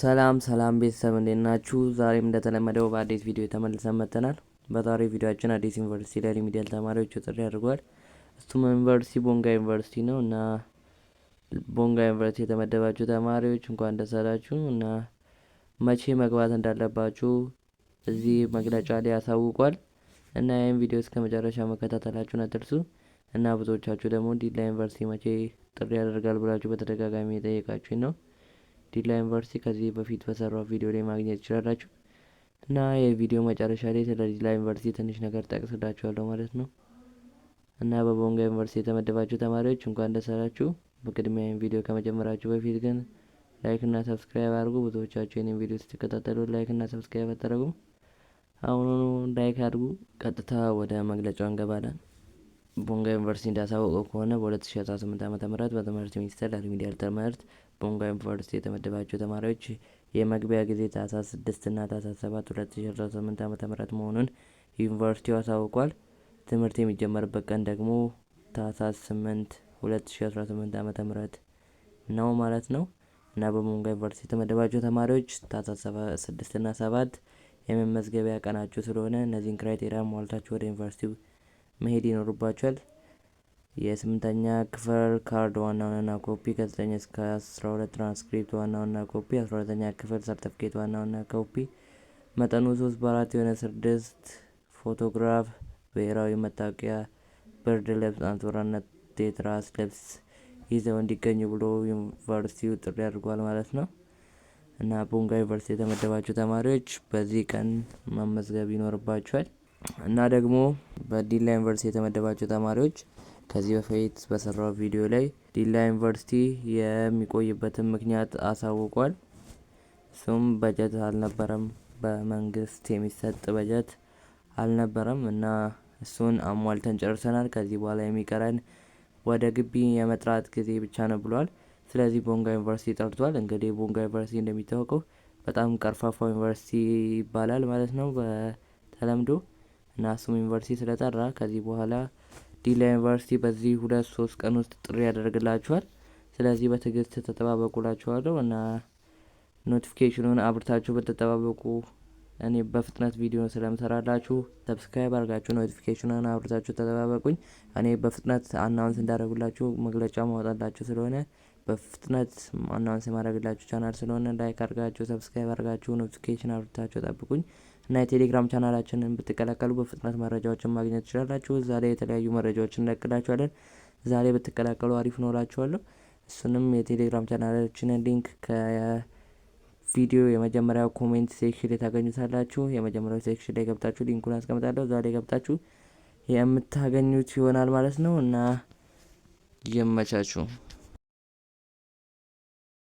ሰላም ሰላም ቤተሰብ እንዴት ናችሁ? ዛሬም እንደተለመደው በአዲስ ቪዲዮ የተመልሰን መጥተናል። በዛሬው ቪዲዮችን አዲስ ዩኒቨርሲቲ ላይ ሪሚዲያል ተማሪዎች ጥሪ አድርጓል። እሱም ዩኒቨርሲቲ ቦንጋ ዩኒቨርሲቲ ነው እና ቦንጋ ዩኒቨርሲቲ የተመደባችሁ ተማሪዎች እንኳን ደስ አላችሁ እና መቼ መግባት እንዳለባችሁ እዚህ መግለጫ ላይ ያሳውቋል እና ይህም ቪዲዮ እስከ መጨረሻ መከታተላችሁን አትርሱ እና ብዙዎቻችሁ ደግሞ ዲላ ዩኒቨርሲቲ መቼ ጥሪ ያደርጋል ብላችሁ በተደጋጋሚ የጠየቃችሁኝ ነው ዲላ ዩኒቨርሲቲ ከዚህ በፊት በሰራው ቪዲዮ ላይ ማግኘት ትችላላችሁ። እና የቪዲዮ መጨረሻ ላይ ስለ ዲላ ዩኒቨርሲቲ ትንሽ ነገር ጠቅስላችኋለሁ ማለት ነው። እና በቦንጋ ዩኒቨርሲቲ የተመደባችሁ ተማሪዎች እንኳን ደስ አላችሁ። በቅድሚያ ይህን ቪዲዮ ከመጀመራችሁ በፊት ግን ላይክ እና ሰብስክራይብ አድርጉ። ብዙዎቻችሁ ይህንን ቪዲዮ ስትከታተሉ ላይክ እና ሰብስክራይብ አታደርጉም። አሁኑኑ ላይክ አድርጉ። ቀጥታ ወደ መግለጫው እንገባለን። ቦንጋ ዩኒቨርሲቲ እንዳሳወቀው ከሆነ በ2018 ዓ ም በትምህርት ሚኒስቴር ለሪሚዲያል ትምህርት ቦንጋ ዩኒቨርሲቲ የተመደባቸው ተማሪዎች የመግቢያ ጊዜ ታህሳስ 6 እና ታህሳስ 7 2018 ዓ ም መሆኑን ዩኒቨርሲቲው አሳውቋል። ትምህርት የሚጀመርበት ቀን ደግሞ ታህሳስ 8 2018 ዓ ም ነው ማለት ነው እና በቦንጋ ዩኒቨርሲቲ የተመደባቸው ተማሪዎች ታህሳስ 6 እና 7 የመመዝገቢያ ቀናቸው ስለሆነ እነዚህን ክራይቴሪያ ሟልታችሁ ወደ ዩኒቨርሲቲው መሄድ ይኖርባቸዋል። የስምንተኛ ክፍል ካርድ ዋና ዋና ኮፒ፣ ከዘጠኝ እስከ አስራ ሁለት ትራንስክሪፕት ዋና ዋና ኮፒ፣ አስራ ሁለተኛ ክፍል ሰርተፍኬት ዋና ዋና ኮፒ፣ መጠኑ ሶስት በአራት የሆነ ስድስት ፎቶግራፍ፣ ብሔራዊ መታወቂያ፣ ብርድ ልብስ፣ አንሶራነት የትራስ ልብስ ይዘው እንዲገኙ ብሎ ዩኒቨርሲቲው ጥሪ አድርጓል ማለት ነው። እና ቦንጋ ዩኒቨርሲቲ የተመደባቸው ተማሪዎች በዚህ ቀን መመዝገብ ይኖርባቸዋል። እና ደግሞ በዲላ ዩኒቨርሲቲ የተመደባቸው ተማሪዎች ከዚህ በፊት በሰራው ቪዲዮ ላይ ዲላ ዩኒቨርሲቲ የሚቆይበትን ምክንያት አሳውቋል። እሱም በጀት አልነበረም፣ በመንግስት የሚሰጥ በጀት አልነበረም እና እሱን አሟልተን ጨርሰናል። ከዚህ በኋላ የሚቀረን ወደ ግቢ የመጥራት ጊዜ ብቻ ነው ብሏል። ስለዚህ ቦንጋ ዩኒቨርሲቲ ጠርቷል። እንግዲህ ቦንጋ ዩኒቨርሲቲ እንደሚታወቀው በጣም ቀርፋፋ ዩኒቨርሲቲ ይባላል ማለት ነው በተለምዶ ናሱም ዩኒቨርሲቲ ስለጠራ ከዚህ በኋላ ዲላ ዩኒቨርሲቲ በዚህ ሁለት ሶስት ቀን ውስጥ ጥሪ ያደርግላችኋል። ስለዚህ በትዕግስት ተጠባበቁላችኋለሁ እና ኖቲፊኬሽኑን አብርታችሁ በተጠባበቁ እኔ በፍጥነት ቪዲዮ ስለምሰራላችሁ ሰብስክራይብ አድርጋችሁ ኖቲፊኬሽኑን አብርታችሁ ተጠባበቁኝ። እኔ በፍጥነት አናውንስ እንዳደረጉላችሁ መግለጫ ማውጣላችሁ ስለሆነ በፍጥነት አናውንስ የማድረግላችሁ ቻናል ስለሆነ ላይክ አድርጋችሁ ሰብስክራይብ አድርጋችሁ ኖቲፊኬሽን አብርታችሁ ጠብቁኝ። እና የቴሌግራም ቻናላችንን ብትቀላቀሉ በፍጥነት መረጃዎችን ማግኘት ትችላላችሁ። እዛ ላይ የተለያዩ መረጃዎችን እንለቅላችኋለን። ዛሬ ብትቀላቀሉ አሪፍ ኖራችኋለሁ። እሱንም የቴሌግራም ቻናላችንን ሊንክ ከቪዲዮ የመጀመሪያው ኮሜንት ሴክሽን ላይ ታገኙታላችሁ። የመጀመሪያው ሴክሽን ላይ ገብታችሁ ሊንኩን አስቀምጣለሁ። እዛ ላይ ገብታችሁ የምታገኙት ይሆናል ማለት ነው እና ይመቻችሁ።